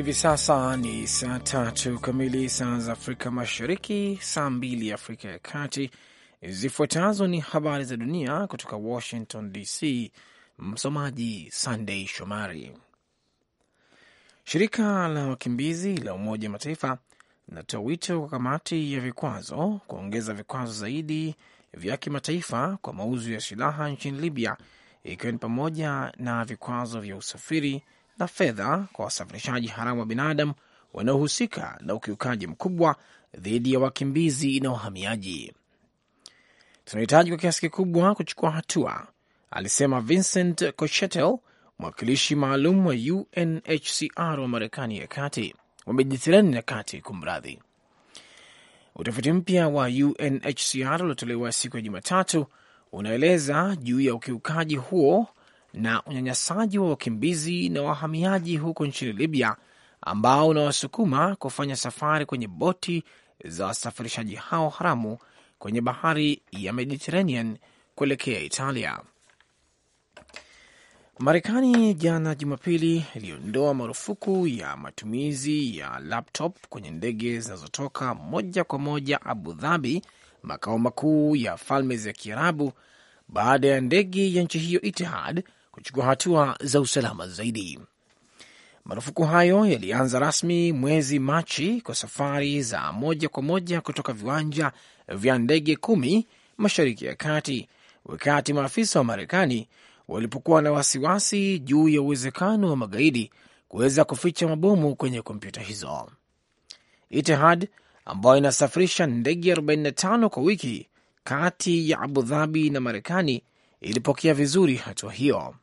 Hivi sasa ni saa tatu kamili saa za Afrika Mashariki, saa mbili Afrika ya Kati. Zifuatazo ni habari za dunia kutoka Washington DC. Msomaji Sandei Shomari. Shirika la wakimbizi la Umoja wa Mataifa linatoa wito kwa kamati ya vikwazo kuongeza vikwazo zaidi vya kimataifa kwa mauzo ya silaha nchini Libya, ikiwa ni pamoja na vikwazo vya usafiri na fedha kwa wasafirishaji haramu wa binadamu wanaohusika na ukiukaji mkubwa dhidi ya wakimbizi na wahamiaji. Tunahitaji kwa kiasi kikubwa kuchukua hatua, alisema Vincent Cochetel, mwakilishi maalum wa UNHCR wa Marekani ya kati wa Mediterani ya kati, kumradhi. Utafiti mpya wa UNHCR uliotolewa siku ya Jumatatu unaeleza juu ya ukiukaji huo na unyanyasaji wa wakimbizi na wahamiaji huko nchini Libya ambao unawasukuma kufanya safari kwenye boti za wasafirishaji hao haramu kwenye bahari ya Mediterranean kuelekea Italia. Marekani jana Jumapili iliondoa marufuku ya matumizi ya laptop kwenye ndege zinazotoka moja kwa moja Abu Dhabi, makao makuu ya Falme za Kiarabu, baada ya ndege ya nchi hiyo Itihad kuchukua hatua za usalama zaidi. Marufuku hayo yalianza rasmi mwezi Machi kwa safari za moja kwa moja kutoka viwanja vya ndege kumi mashariki ya kati, wakati maafisa wa Marekani walipokuwa na wasiwasi juu ya uwezekano wa magaidi kuweza kuficha mabomu kwenye kompyuta hizo. Itihad ambayo inasafirisha ndege 45 kwa wiki kati ya Abu Dhabi na Marekani ilipokea vizuri hatua hiyo.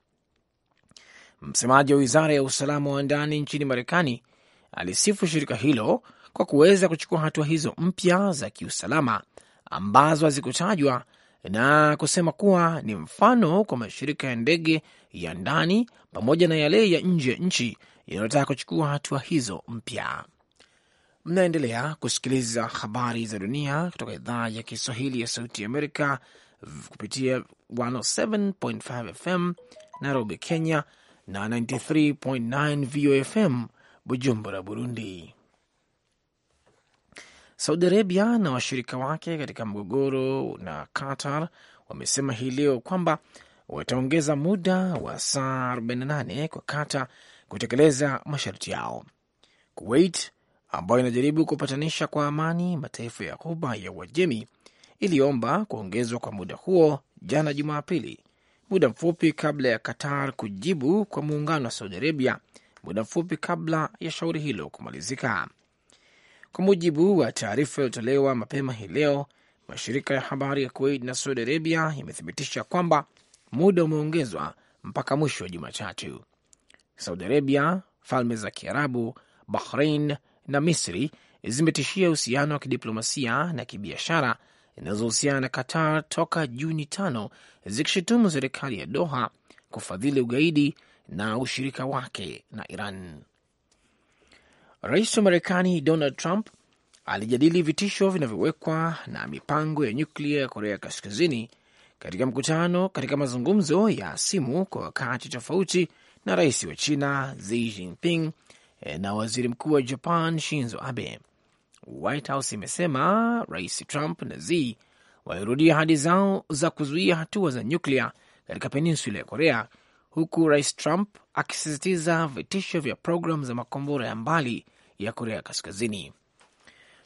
Msemaji wa wizara ya usalama wa ndani nchini Marekani alisifu shirika hilo kwa kuweza kuchukua hatua hizo mpya za kiusalama ambazo hazikutajwa na kusema kuwa ni mfano kwa mashirika ya ndege ya ndani pamoja na yale ya nje ya nchi yanayotaka kuchukua hatua hizo mpya. Mnaendelea kusikiliza habari za dunia kutoka idhaa ya Kiswahili ya Sauti ya Amerika kupitia 107.5 FM Nairobi, Kenya na 93.9 VOFM Bujumbura, Burundi. Saudi Arabia na washirika wake katika mgogoro na Qatar wamesema hii leo kwamba wataongeza muda wa saa 48 kwa Qatar kutekeleza masharti yao. Kuwait ambayo inajaribu kupatanisha kwa amani mataifa ya Ghuba ya Uajemi iliomba kuongezwa kwa muda huo jana Jumapili, muda mfupi kabla ya Qatar kujibu kwa muungano wa Saudi Arabia, muda mfupi kabla ya shauri hilo kumalizika. Kwa mujibu wa taarifa iliyotolewa mapema hii leo, mashirika ya habari ya Kuwait na Saudi Arabia yamethibitisha kwamba muda umeongezwa mpaka mwisho wa Jumatatu. Saudi Arabia, Falme za Kiarabu, Bahrain na Misri zimetishia uhusiano wa kidiplomasia na kibiashara zinazohusiana na Qatar toka Juni tano zikishutumu serikali ya Doha kufadhili ugaidi na ushirika wake na Iran. Rais wa Marekani Donald Trump alijadili vitisho vinavyowekwa na mipango ya nyuklia ya Korea Kaskazini katika mkutano katika mazungumzo ya simu kwa wakati tofauti na rais wa China Xi Jinping na waziri mkuu wa Japan Shinzo Abe. White House imesema Rais Trump na Z walirudia ahadi zao za kuzuia hatua za nyuklia katika peninsula ya Korea, huku Rais Trump akisisitiza vitisho vya programu za makombora ya mbali ya Korea Kaskazini.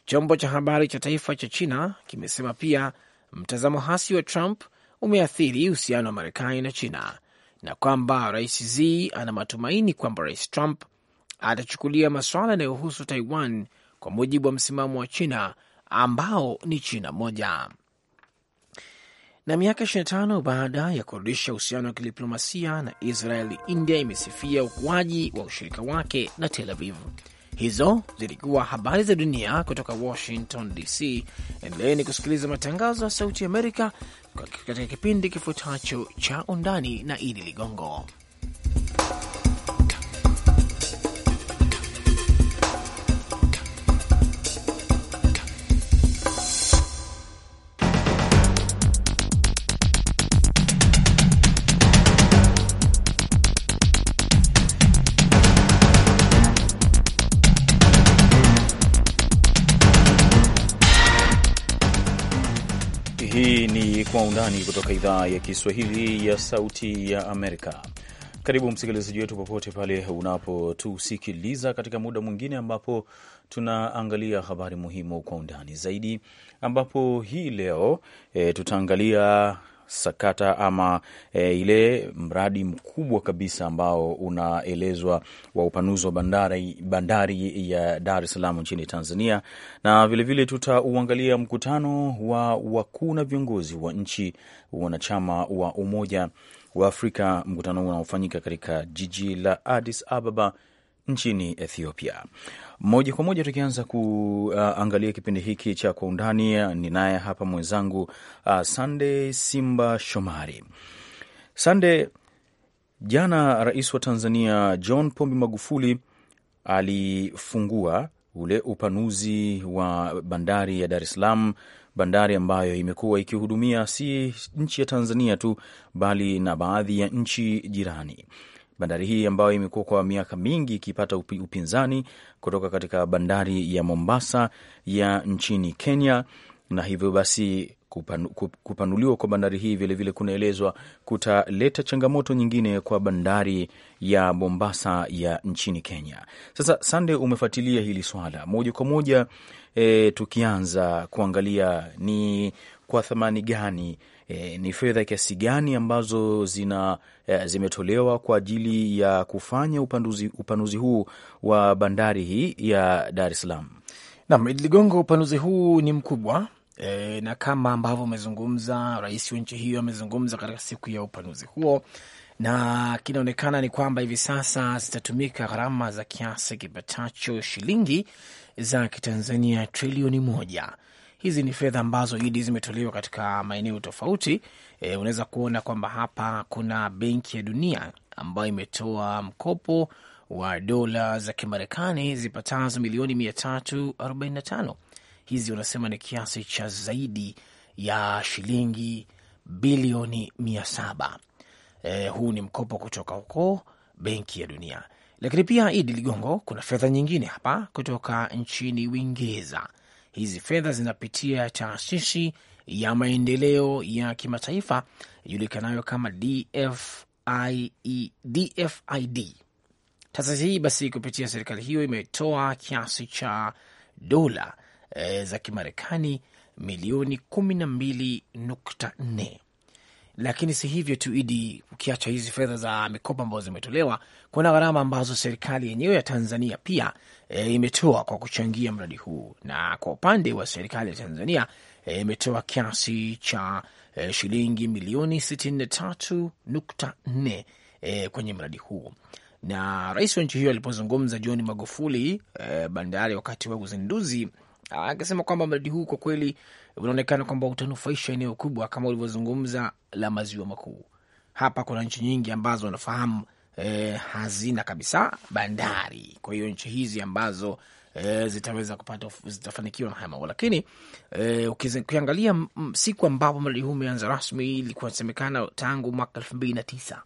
Chombo cha habari cha taifa cha China kimesema pia mtazamo hasi wa Trump umeathiri uhusiano wa Marekani na China na kwamba Rais Z ana matumaini kwamba Rais Trump atachukulia masuala yanayohusu Taiwan kwa mujibu wa msimamo wa China ambao ni China moja. Na miaka 25 baada ya kurudisha uhusiano wa kidiplomasia na Israeli, India imesifia ukuaji wa ushirika wake na Tel Aviv. Hizo zilikuwa habari za dunia kutoka Washington DC. Endeleeni kusikiliza matangazo ya Sauti Amerika katika kipindi kifuatacho cha Undani na Idi Ligongo. undani kutoka idhaa ya Kiswahili ya Sauti ya Amerika. Karibu msikilizaji wetu popote pale unapotusikiliza katika muda mwingine ambapo tunaangalia habari muhimu kwa undani zaidi, ambapo hii leo e, tutaangalia sakata ama e, ile mradi mkubwa kabisa ambao unaelezwa wa upanuzi wa bandari, bandari ya Dar es Salaam nchini Tanzania, na vilevile tutauangalia mkutano wa wakuu na viongozi wa nchi wanachama wa Umoja wa Afrika, mkutano unaofanyika katika jiji la Addis Ababa nchini Ethiopia. Moja kwa moja tukianza kuangalia kipindi hiki cha kwa undani, ninaye hapa mwenzangu uh, Sande Simba Shomari. Sande, jana rais wa Tanzania John Pombe Magufuli alifungua ule upanuzi wa bandari ya Dar es Salaam, bandari ambayo imekuwa ikihudumia si nchi ya Tanzania tu bali na baadhi ya nchi jirani. Bandari hii ambayo imekuwa kwa miaka mingi ikipata upinzani kutoka katika bandari ya Mombasa ya nchini Kenya, na hivyo basi kupanu, kupanuliwa kwa bandari hii vilevile kunaelezwa kutaleta changamoto nyingine kwa bandari ya Mombasa ya nchini Kenya. Sasa Sande, umefuatilia hili swala moja kwa moja. E, tukianza kuangalia ni kwa thamani gani e, ni fedha kiasi gani ambazo zina e, zimetolewa kwa ajili ya kufanya upanuzi, upanuzi huu wa bandari hii ya Dar es Salaam? Naam, Idi Ligongo, upanuzi huu ni mkubwa e, na kama ambavyo amezungumza rais wa nchi hiyo amezungumza katika siku ya upanuzi huo na kinaonekana ni kwamba hivi sasa zitatumika gharama za kiasi kipatacho shilingi za kitanzania trilioni moja hizi ni fedha ambazo idi zimetolewa katika maeneo tofauti. E, unaweza kuona kwamba hapa kuna Benki ya Dunia ambayo imetoa mkopo wa dola za Kimarekani zipatazo milioni 345. Hizi wanasema ni kiasi cha zaidi ya shilingi bilioni 700. E, huu ni mkopo kutoka huko Benki ya Dunia. Lakini pia Idi Ligongo, kuna fedha nyingine hapa kutoka nchini Uingereza hizi fedha zinapitia taasisi ya maendeleo ya kimataifa ijulikanayo kama DFID, DFID. E, taasisi hii basi kupitia serikali hiyo imetoa kiasi cha dola e, za Kimarekani milioni kumi na mbili nukta nne lakini si hivyo tu Idi, ukiacha hizi fedha za mikopo ambazo zimetolewa, kuna gharama ambazo serikali yenyewe ya Tanzania pia e, imetoa kwa kuchangia mradi huu, na kwa upande wa serikali ya Tanzania e, imetoa kiasi cha e, shilingi milioni 63.4 e, kwenye mradi huu na rais wa nchi hiyo alipozungumza John Magufuli e, bandari wakati wa uzinduzi Ah, akisema kwamba mradi huu kwa kweli unaonekana kwamba utanufaisha eneo kubwa kama ulivyozungumza la maziwa makuu. Hapa kuna nchi nyingi ambazo wanafahamu e, hazina kabisa bandari, kwa hiyo nchi hizi ambazo e, zitaweza kupata zitafanikiwa na haya mambo. Lakini e, ukiangalia siku ambapo mradi huu umeanza rasmi ilikuwa inasemekana tangu mwaka elfu mbili na tisa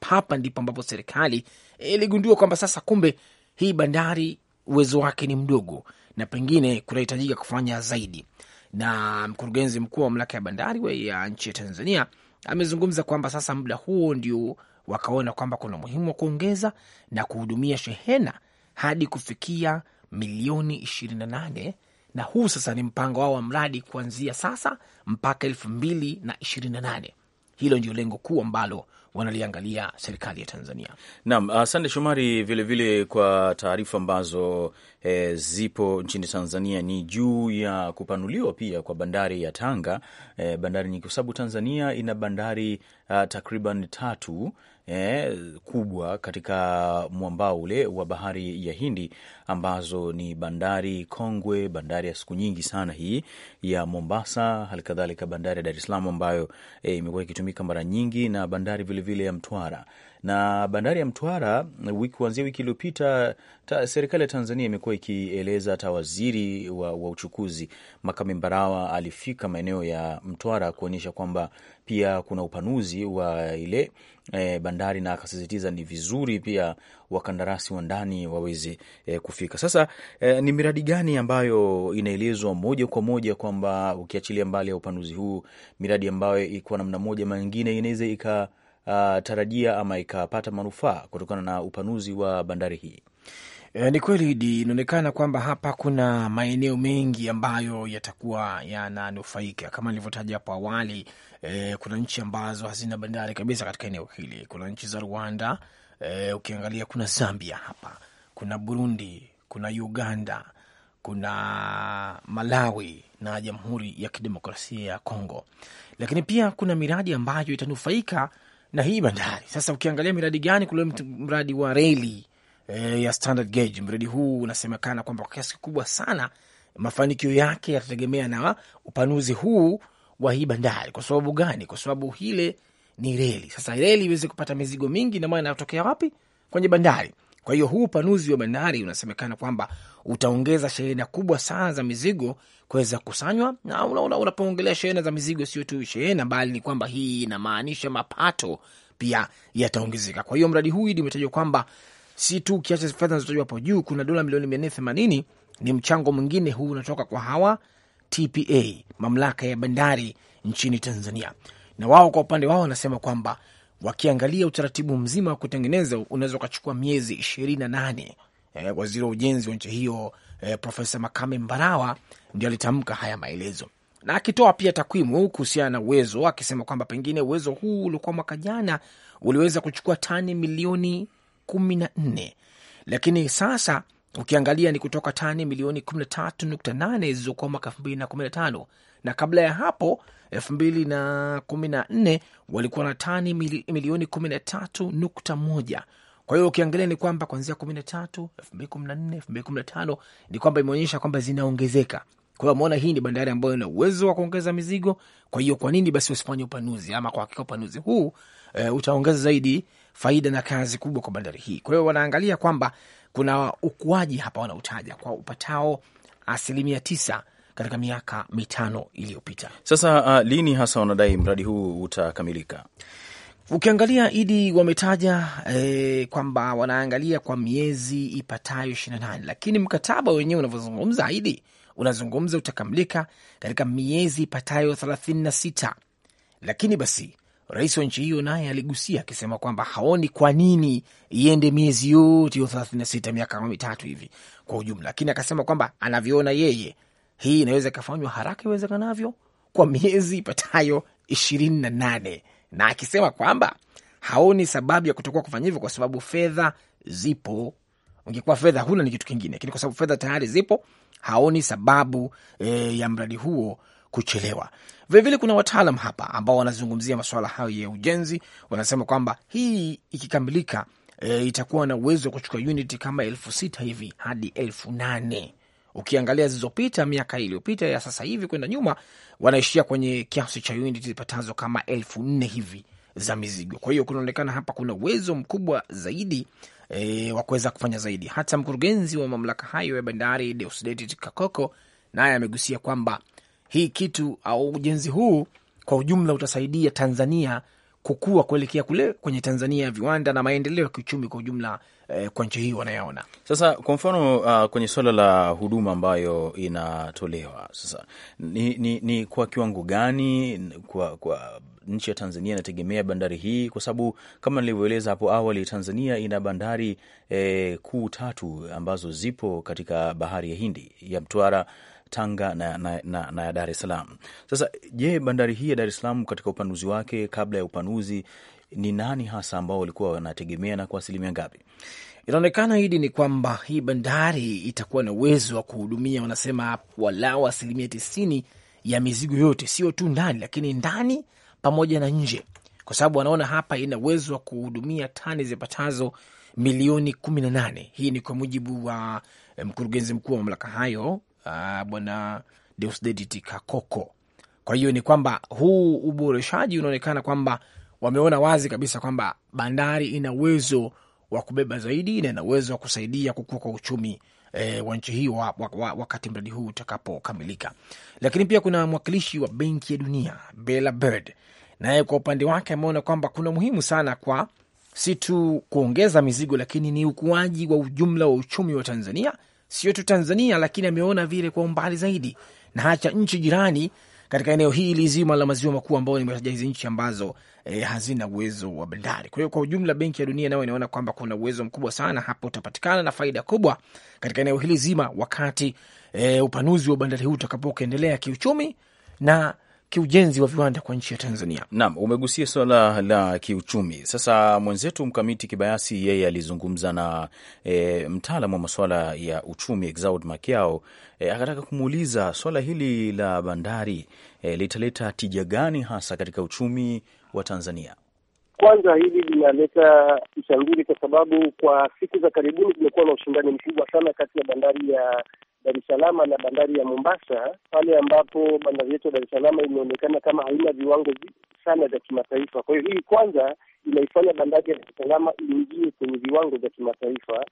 hapa ndipo ambapo serikali iligundua kwamba sasa kumbe hii bandari uwezo wake ni mdogo, na pengine kunahitajika kufanya zaidi. Na mkurugenzi mkuu wa mamlaka ya bandari ya nchi ya Tanzania amezungumza kwamba sasa muda huo ndio wakaona kwamba kuna umuhimu wa kuongeza na kuhudumia shehena hadi kufikia milioni 28 na huu sasa ni mpango wao wa mradi kuanzia sasa mpaka elfu mbili na ishirini na nane. Hilo ndio lengo kuu ambalo wanaliangalia serikali ya Tanzania. Naam, asante uh, Shomari, vilevile kwa taarifa ambazo e, zipo nchini Tanzania ni juu ya kupanuliwa pia kwa bandari ya Tanga, e, bandari nyingi kwa sababu Tanzania ina bandari uh, takriban tatu eh, kubwa katika mwambao ule wa bahari ya Hindi ambazo ni bandari kongwe, bandari ya siku nyingi sana hii ya Mombasa, halikadhalika bandari ya Dar es Salaam ambayo eh, imekuwa eh, ikitumika mara nyingi na bandari vilevile vile ya Mtwara na bandari ya Mtwara kuanzia wiki iliyopita ta, serikali ya Tanzania imekuwa ikieleza hata waziri wa, wa uchukuzi Makame Mbarawa alifika maeneo ya Mtwara kuonyesha kwamba pia kuna upanuzi wa ile e, bandari na akasisitiza ni vizuri pia wakandarasi wa ndani waweze e, kufika. Sasa e, ni miradi gani ambayo inaelezwa moja kwa moja kwamba ukiachilia mbali ya upanuzi huu miradi ambayo kwa namna moja mangine inaweza ika Uh, tarajia ama ikapata manufaa kutokana na upanuzi wa bandari hii? E, ni kweli di, inaonekana kwamba hapa kuna maeneo mengi ambayo yatakuwa yananufaika kama nilivyotaja hapo awali. E, kuna nchi ambazo hazina bandari kabisa katika eneo hili. Kuna nchi za Rwanda, e, ukiangalia kuna Zambia hapa, kuna Burundi, kuna Uganda, kuna Malawi na Jamhuri ya Kidemokrasia ya Kongo, lakini pia kuna miradi ambayo itanufaika na hii bandari. Sasa ukiangalia miradi gani kule, mradi wa reli e, ya standard gauge, mradi huu unasemekana kwamba kwa kiasi kikubwa sana mafanikio yake yatategemea na upanuzi huu wa hii bandari. Kwa sababu gani? Kwa sababu hile ni reli. Sasa reli iweze kupata mizigo mingi, na maana inatokea wapi? Kwenye bandari. Kwa hiyo huu upanuzi wa bandari unasemekana kwamba utaongeza shehena kubwa sana za mizigo kuweza kukusanywa, na unapoongelea shehena za mizigo, sio tu shehena, bali ni kwamba hii inamaanisha mapato pia yataongezeka. Kwa hiyo mradi huu imetajwa kwamba si tu kiasi fedha zinazotajwa hapo juu, kuna dola milioni mia nne themanini ni mchango mwingine huu unatoka kwa hawa TPA, mamlaka ya bandari nchini Tanzania, na wao kwa upande wao wanasema kwamba wakiangalia utaratibu mzima wa kutengeneza unaweza ukachukua miezi ishirini na nane. E, waziri wa ujenzi wa nchi hiyo e, Profesa Makame Mbarawa ndio alitamka haya maelezo na akitoa pia takwimu kuhusiana na uwezo, akisema kwamba pengine uwezo huu uliokuwa mwaka jana uliweza kuchukua tani milioni kumi na nne lakini sasa ukiangalia ni kutoka tani milioni kumi na tatu nukta nane zilizokuwa mwaka elfu mbili na kumi na tano na kabla ya hapo elfu mbili na kumi na nne walikuwa na tani milioni kumi na tatu nukta moja. Kwa hiyo ukiangalia ni kwamba kuanzia kumi na tatu elfu mbili kumi na nne elfu mbili kumi na tano ni kwamba imeonyesha kwamba zinaongezeka. Kwa hiyo ameona hii ni bandari ambayo ina uwezo wa kuongeza mizigo. Kwa hiyo kwa nini basi usifanye upanuzi? Ama kwa hakika upanuzi huu e, utaongeza zaidi faida na kazi kubwa kwa bandari hii. Kwa hiyo wanaangalia kwamba kuna ukuaji hapa wanautaja kwa upatao asilimia tisa katika miaka mitano iliyopita. Sasa uh, lini hasa wanadai mradi huu utakamilika? Ukiangalia Idi wametaja e, kwamba wanaangalia kwa miezi ipatayo ishirini na nane lakini mkataba wenyewe unavyozungumza Idi unazungumza utakamilika katika miezi ipatayo thelathini na sita lakini basi rais wa nchi hiyo naye aligusia akisema kwamba haoni kwa nini iende miezi yote hiyo thelathini na sita miaka kama mitatu hivi kwa ujumla, lakini akasema kwamba anavyoona yeye hii inaweza ikafanywa haraka iwezekanavyo kwa miezi ipatayo ishirini na nane, na akisema kwamba haoni sababu ya kutokuwa kufanya hivyo kwa sababu fedha zipo. Ungekuwa fedha huna ni kitu kingine, lakini kwa sababu fedha tayari zipo, haoni sababu e, ya mradi huo kuchelewa. Vilevile kuna wataalam hapa ambao wanazungumzia masuala hayo ya ujenzi, wanasema kwamba hii ikikamilika, e, itakuwa na uwezo wa kuchukua uniti kama elfu sita hivi hadi elfu nane Ukiangalia zilizopita miaka iliyopita ya sasa hivi kwenda nyuma, wanaishia kwenye kiasi cha unit zipatazo kama elfu nne hivi za mizigo. Kwa hiyo kunaonekana hapa kuna uwezo mkubwa zaidi e, wa kuweza kufanya zaidi. Hata mkurugenzi wa mamlaka hayo ya bandari Deusdedit Kakoko naye amegusia kwamba hii kitu au ujenzi huu kwa ujumla utasaidia Tanzania kukua kuelekea kule kwenye Tanzania ya viwanda na maendeleo ya kiuchumi kwa ujumla eh, kwa nchi hii wanayaona. Sasa kwa mfano uh, kwenye suala la huduma ambayo inatolewa sasa ni, ni, ni kwa kiwango gani kwa, kwa nchi ya Tanzania inategemea bandari hii, kwa sababu kama nilivyoeleza hapo awali, Tanzania ina bandari eh, kuu tatu ambazo zipo katika bahari ya Hindi ya Mtwara Tanga na, na, na, na ya Dar es Salaam. Sasa je, bandari hii ya Dar es Salaam katika upanuzi wake, kabla ya upanuzi, ni nani hasa ambao walikuwa wanategemea na kwa asilimia ngapi? Inaonekana hidi ni kwamba hii bandari itakuwa na uwezo wa kuhudumia, wanasema walau asilimia tisini ya mizigo yote, sio tu ndani, lakini ndani pamoja na nje, kwa sababu wanaona hapa ina uwezo wa kuhudumia tani zipatazo milioni kumi na nane. Hii ni kwa mujibu wa eh, mkurugenzi mkuu wa mamlaka hayo Ah, bwana Deusdedit Kakoko. Kwa hiyo ni kwamba huu uboreshaji unaonekana kwamba wameona wazi kabisa kwamba bandari ina uwezo wa kubeba zaidi na ina uwezo wa kusaidia kukua kwa uchumi e, wa nchi hii wa, wa, wa, wakati mradi huu utakapokamilika. Lakini pia kuna mwakilishi wa Benki ya Dunia Bella Bird, naye kwa upande wake ameona kwamba kuna muhimu sana kwa si tu kuongeza mizigo, lakini ni ukuaji wa ujumla wa uchumi wa Tanzania sio tu Tanzania, lakini ameona vile kwa umbali zaidi na hacha nchi jirani katika eneo hili zima la maziwa makuu ambao nimetaja hizi nchi ambazo eh, hazina uwezo wa bandari. Kwa hiyo kwa ujumla, Benki ya Dunia nayo inaona kwamba kuna uwezo mkubwa sana hapo utapatikana na faida kubwa katika eneo hili zima, wakati eh, upanuzi wa bandari huu utakapokuendelea kiuchumi na kiujenzi wa viwanda kwa nchi ya Tanzania. Naam, umegusia swala la kiuchumi. Sasa mwenzetu Mkamiti Kibayasi yeye alizungumza na e, eh, mtaalam wa masuala ya uchumi Exaud Makiao e, akataka kumuuliza swala hili la bandari e, litaleta tija gani hasa katika uchumi wa Tanzania? Kwanza hili linaleta ushangili kwa sababu kwa siku za karibuni kumekuwa na ushindani mkubwa sana kati ya bandari ya Dar es Salaam na bandari ya Mombasa, pale ambapo bandari yetu ya Dar es Salaam imeonekana kama haina viwango sana vya kimataifa. Kwa hiyo hii kwanza inaifanya bandari ya Dar es Salaam iingie kwenye viwango vya kimataifa.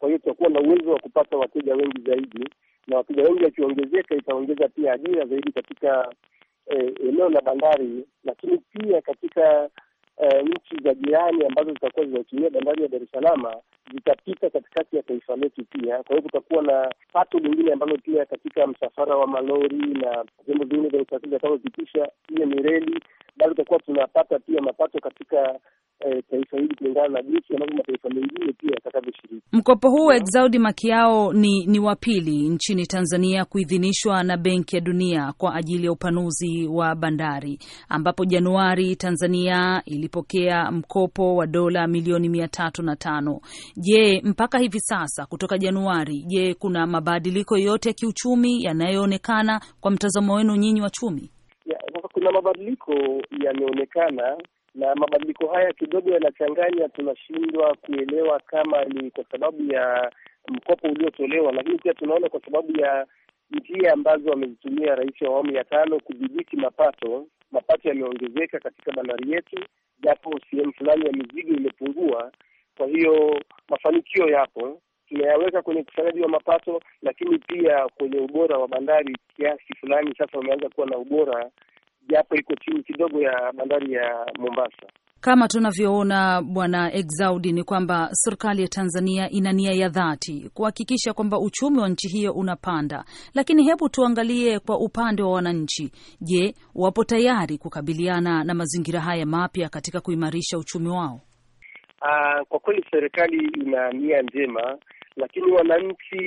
Kwa hiyo tutakuwa na uwezo wa kupata wateja wengi zaidi, na wateja wengi wakiongezeka, itaongeza pia ajira zaidi katika eh, eneo eh, la bandari, lakini pia katika e, nchi za jirani ambazo zitakuwa zinatumia bandari ya Dar es Salaam zitapita katikati ya taifa letu pia. Kwa hiyo kutakuwa na pato lingine ambalo pia katika msafara wa malori na vyombo vingine vya usafiri vitakavyopitisha ile mireli, bado tutakuwa tunapata pia mapato katika e, taifa hili kulingana na jinsi ambavyo mataifa mengine pia yatakavyoshiriki mkopo huu. Exaudi Makiao ni, ni wa pili nchini Tanzania kuidhinishwa na Benki ya Dunia kwa ajili ya upanuzi wa bandari ambapo Januari Tanzania ili ilipokea mkopo wa dola milioni mia tatu na tano. Je, mpaka hivi sasa kutoka Januari, je, kuna mabadiliko yoyote ya kiuchumi yanayoonekana kwa mtazamo wenu nyinyi wachumi? Ya, kuna mabadiliko yameonekana na mabadiliko haya kidogo yanachanganya, tunashindwa kuelewa kama ni kwa sababu ya mkopo uliotolewa, lakini pia tunaona kwa sababu ya njia ambazo amezitumia rais wa awamu ya tano kudhibiti mapato mapato yameongezeka katika bandari yetu, japo sehemu fulani ya mizigo imepungua. Kwa hiyo mafanikio yapo, tunayaweka kwenye ukusanyaji wa mapato, lakini pia kwenye ubora wa bandari. Kiasi fulani sasa umeanza kuwa na ubora, japo iko chini kidogo ya bandari ya Mombasa. Kama tunavyoona Bwana Exaudi, ni kwamba serikali ya Tanzania ina nia ya dhati kuhakikisha kwamba uchumi wa nchi hiyo unapanda, lakini hebu tuangalie kwa upande wa wananchi. Je, wapo tayari kukabiliana na mazingira haya mapya katika kuimarisha uchumi wao? Uh, kwa kweli serikali ina nia njema lakini wananchi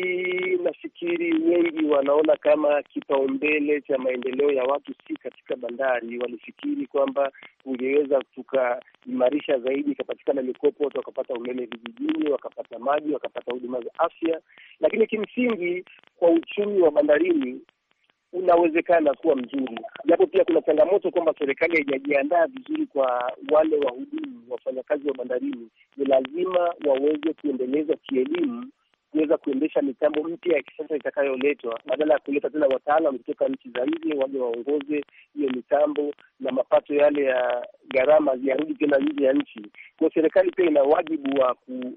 nafikiri wengi wanaona kama kipaumbele cha maendeleo ya watu si katika bandari. Walifikiri kwamba ungeweza tukaimarisha zaidi, ikapatikana mikopo, watu wakapata umeme vijijini, wakapata maji, wakapata huduma za afya. Lakini kimsingi kwa uchumi wa bandarini unawezekana kuwa mzuri, japo pia kuna changamoto kwamba serikali haijajiandaa vizuri kwa wale wahudumu, wafanyakazi wa bandarini. Ni lazima waweze kuendeleza kielimu kuweza kuendesha mitambo mpya ya kisasa itakayoletwa, badala ya kuleta tena wataalam kutoka nchi za nje waje waongoze hiyo mitambo na mapato yale ya gharama yarudi tena nje ya nchi. Kwa serikali pia ina wajibu wa ku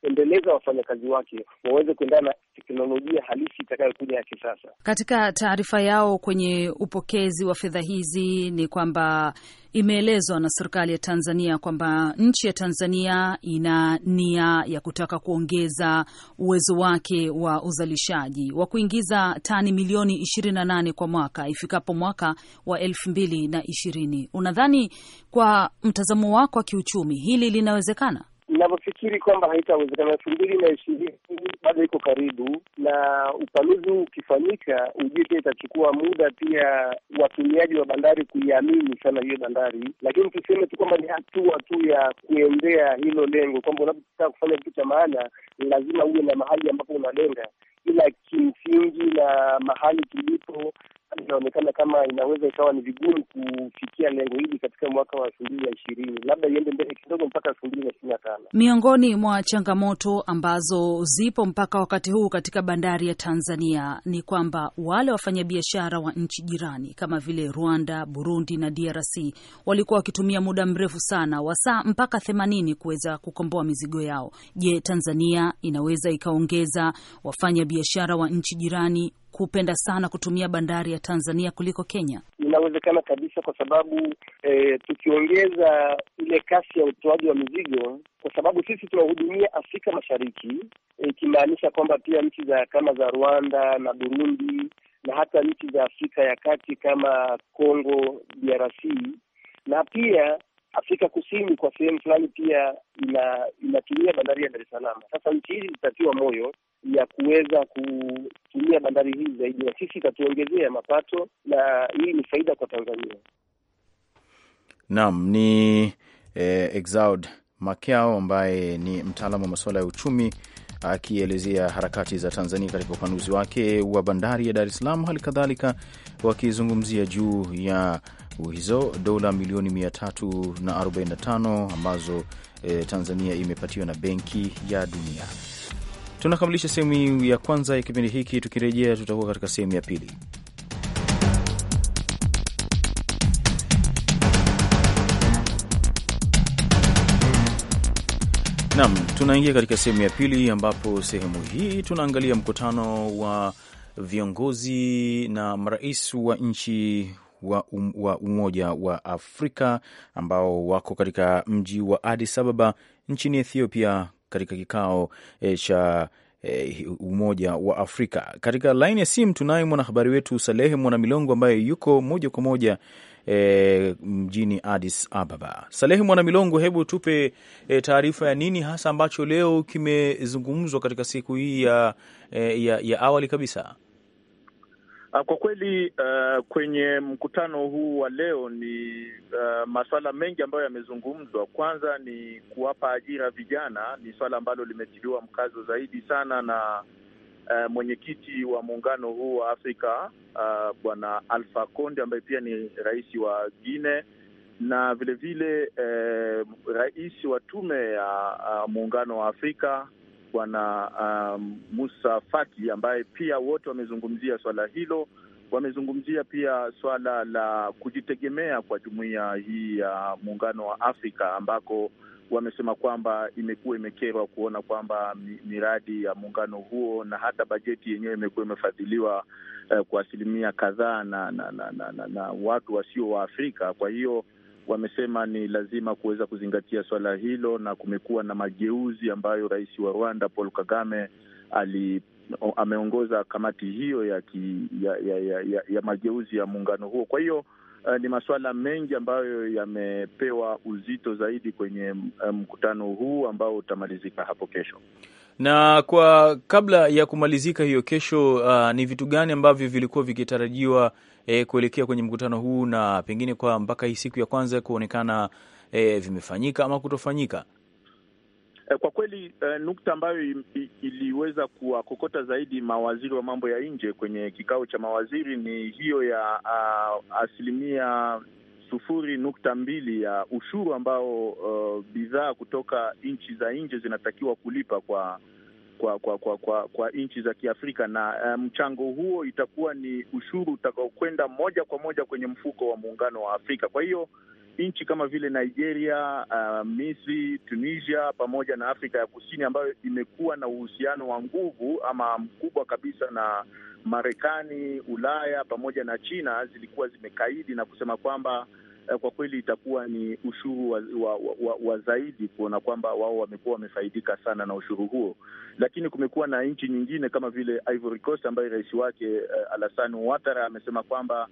kuendeleza wafanyakazi wake waweze kuendana na teknolojia halisi itakayokuja ya kisasa. Katika taarifa yao kwenye upokezi wa fedha hizi ni kwamba imeelezwa na serikali ya Tanzania kwamba nchi ya Tanzania ina nia ya kutaka kuongeza uwezo wake wa uzalishaji wa kuingiza tani milioni 28 kwa mwaka ifikapo mwaka wa elfu mbili na ishirini. Unadhani kwa mtazamo wako wa kiuchumi hili linawezekana? nafikiri kwamba haitawezekana. elfu mbili na ishirini bado iko karibu, na upanuzi huu ukifanyika, ujue pia itachukua muda pia watumiaji wa bandari kuiamini sana hiyo bandari, lakini tuseme tu kwamba ni hatua tu ya kuendea hilo lengo, kwamba unapotaka kufanya kitu cha maana lazima uwe na mahali ambapo unalenga, ila kimsingi na mahali kilipo inaonekana kama inaweza ikawa ni vigumu kufikia lengo hili katika mwaka wa elfu mbili na ishirini, labda iende mbele kidogo mpaka elfu mbili na ishirini na tano. Miongoni mwa changamoto ambazo zipo mpaka wakati huu katika bandari ya Tanzania ni kwamba wale wafanyabiashara wa nchi jirani kama vile Rwanda, Burundi na DRC walikuwa wakitumia muda mrefu sana wa saa mpaka themanini kuweza kukomboa mizigo yao. Je, Tanzania inaweza ikaongeza wafanyabiashara wa nchi jirani kupenda sana kutumia bandari ya Tanzania kuliko Kenya? Inawezekana kabisa, kwa sababu e, tukiongeza ile kasi ya utoaji wa mizigo, kwa sababu sisi tunahudumia Afrika Mashariki, ikimaanisha e, kwamba pia nchi za kama za Rwanda na Burundi na hata nchi za Afrika ya Kati kama Congo DRC na pia Afrika Kusini kwa sehemu fulani pia ina, inatumia bandari ya Dar es Salaam. Sasa nchi hizi zitatiwa moyo ya kuweza kutumia bandari hizi zaidi, na sisi itatuongezea mapato na hii ni faida kwa Tanzania. Naam, ni eh, Exaud Makiao ambaye ni mtaalamu wa masuala ya uchumi akielezea harakati za Tanzania katika upanuzi wake wa bandari ya Dar es Salaam, hali kadhalika wakizungumzia juu ya hizo dola milioni 345 ambazo e, Tanzania imepatiwa na Benki ya Dunia. Tunakamilisha sehemu ya kwanza ya kipindi hiki, tukirejea tutakuwa katika sehemu ya pili. Naam, tunaingia katika sehemu ya pili, ambapo sehemu hii tunaangalia mkutano wa viongozi na marais wa nchi wa, um, wa Umoja wa Afrika ambao wako katika mji wa Addis Ababa nchini Ethiopia katika kikao eh, cha e, Umoja wa Afrika. Katika laini ya simu tunaye mwanahabari wetu Salehe Mwanamilongo ambaye yuko moja kwa moja e, mjini Addis Ababa. Salehi Mwanamilongo, hebu tupe e, taarifa ya nini hasa ambacho leo kimezungumzwa katika siku hii ya, eh, ya, ya awali kabisa. Ah, kwa kweli uh, kwenye mkutano huu wa leo ni uh, ah, masuala mengi ambayo yamezungumzwa. Kwanza ni kuwapa ajira vijana, ni swala ambalo limetiliwa mkazo zaidi sana na uh, mwenyekiti wa muungano huu wa Afrika uh, bwana Alpha Conde ambaye pia ni rais wa Guine na vilevile uh, eh, rais wa tume ya uh, muungano wa Afrika bwana uh, Musa Faki ambaye pia wote wamezungumzia swala hilo. Wamezungumzia pia swala la kujitegemea kwa jumuiya hii ya muungano wa Afrika ambako wamesema kwamba imekuwa imekerwa kuona kwamba miradi ya muungano huo na hata bajeti yenyewe imekuwa imefadhiliwa eh, kwa asilimia kadhaa na, na, na, na, na, na watu wasio wa Afrika. Kwa hiyo wamesema ni lazima kuweza kuzingatia swala hilo, na kumekuwa na mageuzi ambayo rais wa Rwanda Paul Kagame ali ameongoza kamati hiyo ya, ki, ya, ya, ya, ya mageuzi ya muungano huo. Kwa hiyo Uh, ni masuala mengi ambayo yamepewa uzito zaidi kwenye eh, mkutano huu ambao utamalizika hapo kesho. Na kwa kabla ya kumalizika hiyo kesho, uh, ni vitu gani ambavyo vilikuwa vikitarajiwa eh, kuelekea kwenye mkutano huu na pengine kwa mpaka hii siku ya kwanza kuonekana eh, vimefanyika ama kutofanyika? Eh, kwa kweli eh, nukta ambayo iliweza kuwakokota zaidi mawaziri wa mambo ya nje kwenye kikao cha mawaziri ni hiyo ya uh, asilimia sufuri nukta mbili ya ushuru ambao uh, bidhaa kutoka nchi za nje zinatakiwa kulipa kwa kwa kwa kwa kwa, kwa nchi za Kiafrika na eh, mchango um, huo itakuwa ni ushuru utakaokwenda moja kwa moja kwenye mfuko wa muungano wa Afrika. Kwa hiyo nchi kama vile Nigeria, uh, Misri, Tunisia pamoja na Afrika ya Kusini ambayo imekuwa na uhusiano wa nguvu ama mkubwa kabisa na Marekani, Ulaya pamoja na China zilikuwa zimekaidi na kusema kwamba eh, kwa kweli itakuwa ni ushuru wa, wa, wa, wa zaidi kuona kwamba wao wamekuwa wamefaidika sana na ushuru huo. Lakini kumekuwa na nchi nyingine kama vile Ivory Coast ambaye rais wake uh, Alassane Ouattara amesema kwamba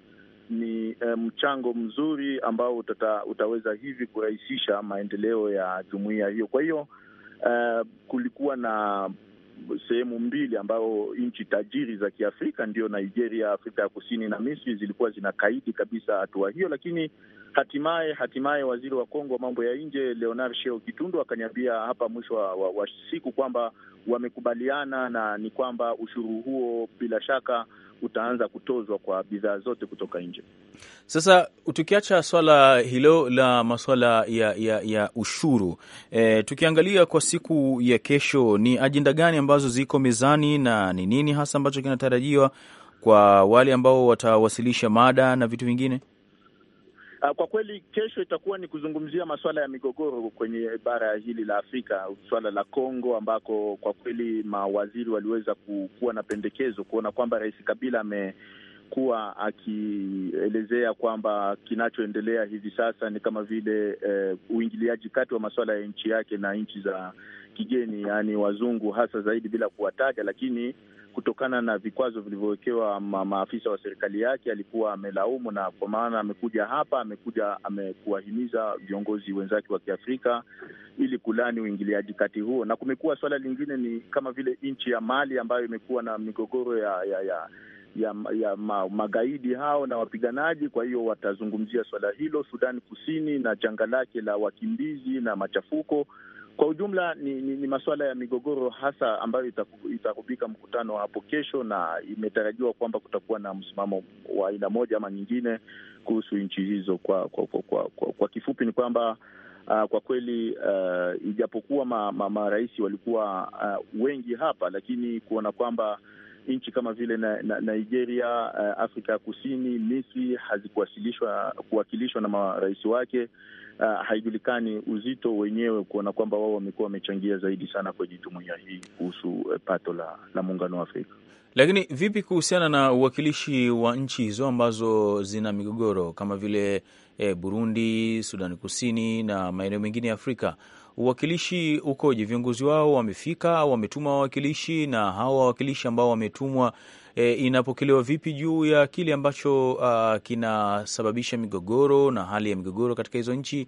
ni e, mchango mzuri ambao utata, utaweza hivi kurahisisha maendeleo ya jumuiya hiyo. Kwa hiyo e, kulikuwa na sehemu mbili ambayo nchi tajiri za Kiafrika ndio Nigeria, Afrika ya Kusini na Misri zilikuwa zinakaidi kabisa hatua hiyo, lakini Hatimaye hatimaye waziri wa Kongo wa mambo ya nje Leonard Sheo Kitundu akaniambia hapa mwisho wa, wa, wa siku kwamba wamekubaliana na ni kwamba ushuru huo bila shaka utaanza kutozwa kwa bidhaa zote kutoka nje. Sasa tukiacha swala hilo la masuala ya, ya, ya ushuru e, tukiangalia kwa siku ya kesho, ni ajenda gani ambazo ziko mezani na ni nini hasa ambacho kinatarajiwa kwa wale ambao watawasilisha mada na vitu vingine? Ah, kwa kweli kesho itakuwa ni kuzungumzia masuala ya migogoro kwenye bara hili la Afrika, suala la Kongo ambako kwa kweli mawaziri waliweza kuwa na pendekezo kuona kwamba Rais Kabila amekuwa akielezea kwamba kinachoendelea hivi sasa ni kama vile eh, uingiliaji kati wa masuala ya nchi yake na nchi za kigeni, yaani wazungu hasa zaidi, bila kuwataja, lakini kutokana na vikwazo vilivyowekewa maafisa wa serikali yake, alikuwa amelaumu, na kwa maana amekuja hapa, amekuja amekuwahimiza viongozi wenzake wa Kiafrika ili kulani uingiliaji kati huo. Na kumekuwa suala lingine ni kama vile nchi ya Mali ambayo imekuwa na migogoro ya, ya, ya ya, ya ma, magaidi hao na wapiganaji. Kwa hiyo watazungumzia suala hilo. Sudani Kusini na janga lake la wakimbizi na machafuko. Kwa ujumla ni, ni, ni masuala ya migogoro hasa ambayo itarubika mkutano hapo kesho, na imetarajiwa kwamba kutakuwa na msimamo wa aina moja ama nyingine kuhusu nchi hizo. Kwa, kwa, kwa, kwa, kwa, kwa kifupi ni kwamba Uh, kwa kweli uh, ijapokuwa marais ma, ma walikuwa uh, wengi hapa, lakini kuona kwamba nchi kama vile na, na, Nigeria uh, Afrika ya Kusini, Misri hazikuwasilishwa kuwakilishwa na marais wake uh, haijulikani uzito wenyewe, kuona kwamba wao wamekuwa wamechangia zaidi sana kwenye jumuiya hii kuhusu uh, pato la, la muungano wa Afrika. Lakini vipi kuhusiana na uwakilishi wa nchi hizo ambazo zina migogoro kama vile eh, Burundi, Sudani Kusini na maeneo mengine ya Afrika? uwakilishi ukoje? Viongozi wao wamefika au wametuma wawakilishi? Na hawa wawakilishi ambao wametumwa e, inapokelewa vipi juu ya kile ambacho uh, kinasababisha migogoro na hali ya migogoro katika hizo nchi?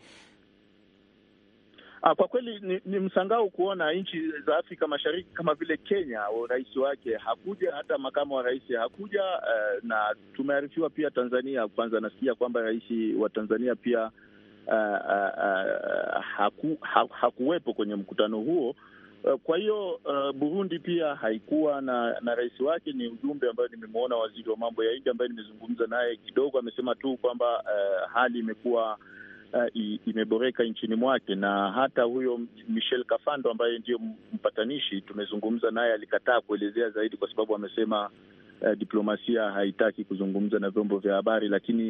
Ah, kwa kweli ni, ni msangao kuona nchi za Afrika Mashariki kama vile Kenya, rais wake hakuja, hata makamu wa rais hakuja. Uh, na tumearifiwa pia Tanzania, kwanza nasikia kwamba rais wa Tanzania pia uh, uh, haku, ha, hakuwepo kwenye mkutano huo. Kwa hiyo uh, Burundi pia haikuwa na na rais wake. Ni ujumbe ambayo nimemwona waziri wa mambo ya nje ambaye nimezungumza naye kidogo, amesema tu kwamba uh, hali imekuwa uh, imeboreka nchini mwake, na hata huyo Michel Kafando ambaye ndiyo mpatanishi tumezungumza naye, alikataa kuelezea zaidi kwa sababu amesema eh, diplomasia haitaki kuzungumza na vyombo vya habari, lakini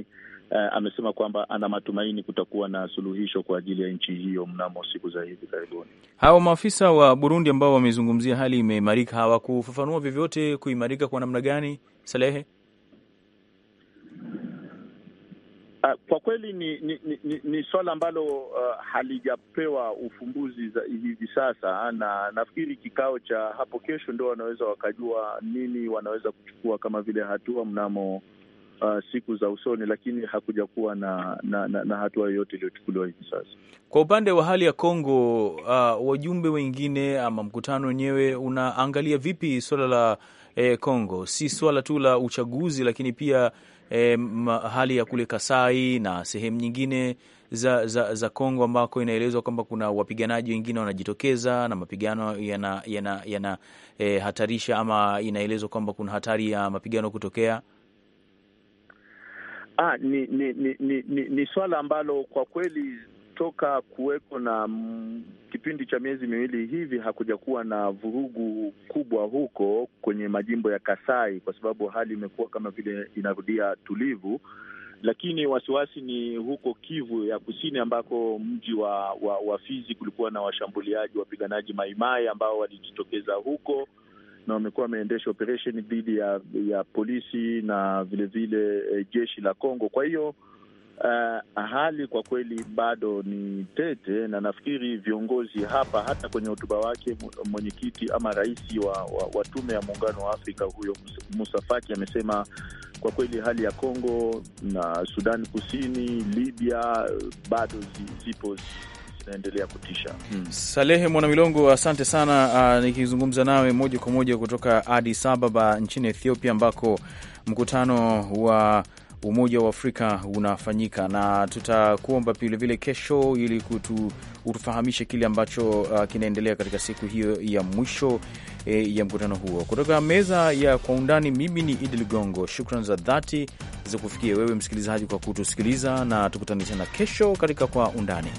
eh, amesema kwamba ana matumaini kutakuwa na suluhisho kwa ajili ya nchi hiyo mnamo siku za hivi karibuni. hawa maafisa wa Burundi ambao wamezungumzia hali imeimarika hawakufafanua vyovyote kuimarika kwa namna gani, Salehe? Uh, kwa kweli ni ni, ni, ni swala ambalo uh, halijapewa ufumbuzi hivi sasa, ah, na nafikiri kikao cha hapo kesho ndo wanaweza wakajua nini wanaweza kuchukua kama vile hatua mnamo uh, siku za usoni, lakini hakuja kuwa na, na, na, na hatua yoyote iliyochukuliwa hivi sasa. Kwa upande wa hali ya Kongo, uh, wajumbe wengine ama mkutano wenyewe unaangalia vipi swala la eh, Kongo? Si swala tu la uchaguzi, lakini pia e, hali ya kule Kasai na sehemu nyingine za, za, za Kongo ambako inaelezwa kwamba kuna wapiganaji wengine wanajitokeza na mapigano yanahatarisha yana, eh, ama inaelezwa kwamba kuna hatari ya mapigano kutokea. Ah, ni, ni, ni, ni, ni, ni swala ambalo kwa kweli toka kuweko na mm, kipindi cha miezi miwili hivi hakuja kuwa na vurugu kubwa huko kwenye majimbo ya Kasai, kwa sababu hali imekuwa kama vile inarudia tulivu, lakini wasiwasi ni huko Kivu ya Kusini, ambako mji wa, wa, wa Fizi kulikuwa na washambuliaji wapiganaji Maimai ambao walijitokeza huko na wamekuwa wameendesha operesheni dhidi ya, ya polisi na vilevile vile, e, jeshi la Kongo. Kwa hiyo Uh, hali kwa kweli bado ni tete, na nafikiri viongozi hapa, hata kwenye hotuba wake mwenyekiti ama rais wa, wa, wa tume ya muungano wa Afrika huyo Musa Faki amesema kwa kweli hali ya Kongo na sudani Kusini, Libya eh, bado zipo zinaendelea kutisha. Hmm. Salehe Mwanamilongo, asante sana. Uh, nikizungumza nawe moja kwa moja kutoka adis Ababa nchini Ethiopia ambako mkutano wa Umoja wa Afrika unafanyika, na tutakuomba vilevile kesho, ili utufahamishe kile ambacho uh, kinaendelea katika siku hiyo ya mwisho eh, ya mkutano huo. Kutoka meza ya Kwa Undani, mimi ni Idi Ligongo. Shukran za dhati za kufikia wewe msikilizaji kwa kutusikiliza, na tukutane tena kesho katika Kwa Undani.